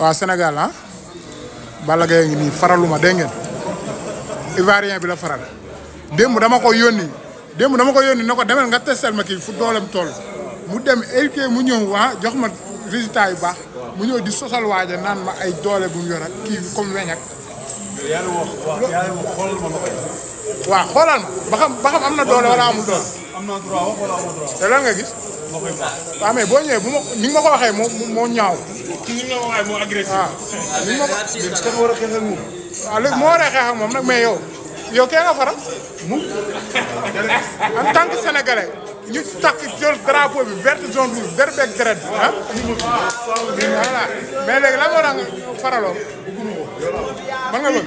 waa Sénégal ah Balla ngi nii faraluma dégg ngeen Ivoirien bi la faral démb dama ko yónni démb dama ko yónni ne ko demel nga testel ma kii fu dooleem toll mu dem éduqué mu ñëw waa ah, jox ma résultat yu baax mu ñëw di sosal waaja naan ma ay doole bu mu yor ak kii comme weñ ak. xoolal ma waaw xoolal am na doole wala amul doole. te lan nga gis. waaw ah, mais boo ñëwee bu ma ni ma ko waxee moo moo ñaaw. ni nga moo agressif. waaw a xeex moo war a xeex moom nag mais yow yow kee nga faral mu en tant que sénégalais ñu takk jël drapeau bi vert jaune bi ah. voilà mais léegi lan moo tax nga faraloo. mën nga bëgg.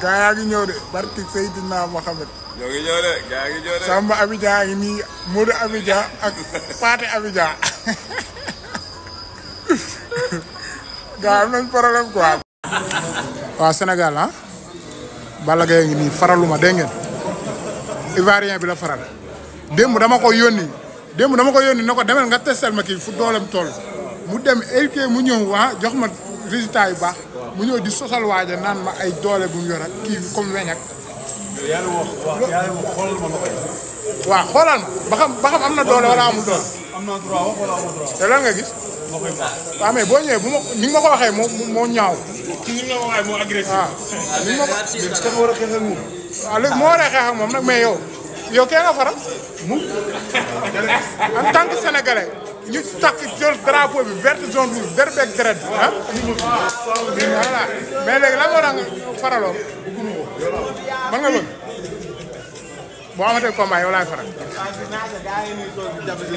gaa yaa ngi ñëw de barki sayyidina muhammad ñoo ngi ñëw de gaa ngi de. Samba Abidjan yi ni Modou Abidjan ak Paate Abidjan. gaa am nañ problème quoi. wa senegal han ah, Balla ngi ni faraluma de ngeen. ivarien bi la faral. démb dama ko yoni démb dama ko yoni nako demel nga testel ma ki fu dolem tol mu dem éduqué mu ñew wa ah, jox ma résultat yu baax. mu ñëw di sosal waaja naan ma ay doole bu mu yor ak kii comme weñ waaw xoolal ma ba xam ba xam am na doole wala amul doole. am na droit wax wala te lan nga gis. waaw ah, mais boo ñëwee bu ma ko waxee moo ñaaw. ci ni nga moo agressif. Ah, waaw moom. waaw ah, léegi moo war mais yow yow kee nga faral. mu en tant que ñu takk jël drapeau bi vert jaune rouge derbeeg deret bi ah. voilà mais léegi lan moo tax nga faraloo. mën nga bëgg boo amatee combat yow laay faral.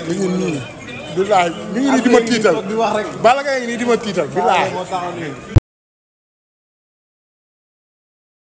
mi ngi nii. bilaay mi ngi nii di ma tiital. Balla Gaye ngi nii di ma tiital bilaay.